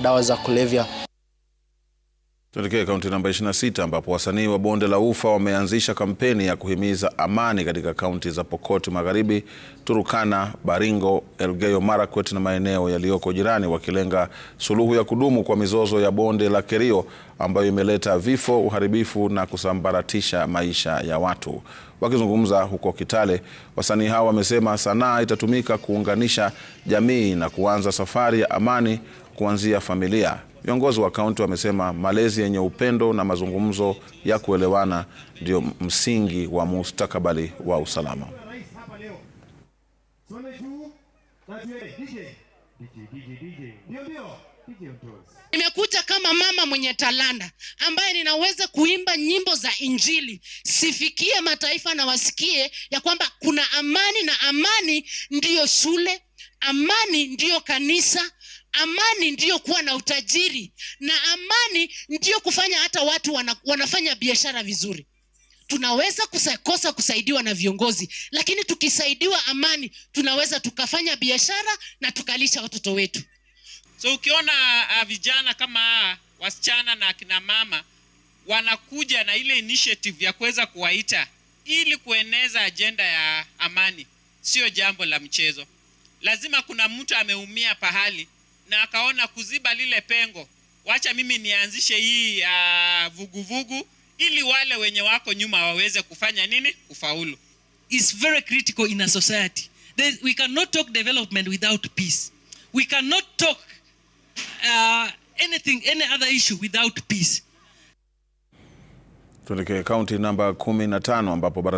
dawa za kulevya. Tuelekee kaunti namba 26 ambapo wasanii wa Bonde la Ufa wameanzisha kampeni ya kuhimiza amani katika kaunti za Pokot Magharibi, Turukana, Baringo, Elgeyo Marakwet na maeneo yaliyoko jirani, wakilenga suluhu ya kudumu kwa mizozo ya Bonde la Kerio ambayo imeleta vifo, uharibifu na kusambaratisha maisha ya watu. Wakizungumza huko Kitale, wasanii hao wamesema sanaa itatumika kuunganisha jamii na kuanza safari ya amani kuanzia familia. Viongozi wa kaunti wamesema malezi yenye upendo na mazungumzo ya kuelewana ndio msingi wa mustakabali wa usalama. Nimekuja kama mama mwenye talanta ambaye ninaweza kuimba nyimbo za Injili, sifikie mataifa na wasikie ya kwamba kuna amani, na amani ndiyo shule, amani ndiyo kanisa, Amani ndiyo kuwa na utajiri, na amani ndiyo kufanya hata watu wana, wanafanya biashara vizuri. Tunaweza kukosa kusaidiwa na viongozi, lakini tukisaidiwa amani, tunaweza tukafanya biashara na tukalisha watoto wetu. So ukiona uh, vijana kama ah, wasichana na akina mama wanakuja na ile initiative ya kuweza kuwaita ili kueneza ajenda ya amani, sio jambo la mchezo. Lazima kuna mtu ameumia pahali na akaona kuziba lile pengo, wacha mimi nianzishe hii ah, vuguvugu vugu, ili wale wenye wako nyuma waweze kufanya nini? Kufaulu. is very critical in a society. There, we cannot talk development without peace. We cannot talk uh, anything, any other issue without peace. Tuelekee kaunti namba 15 ambapo baraza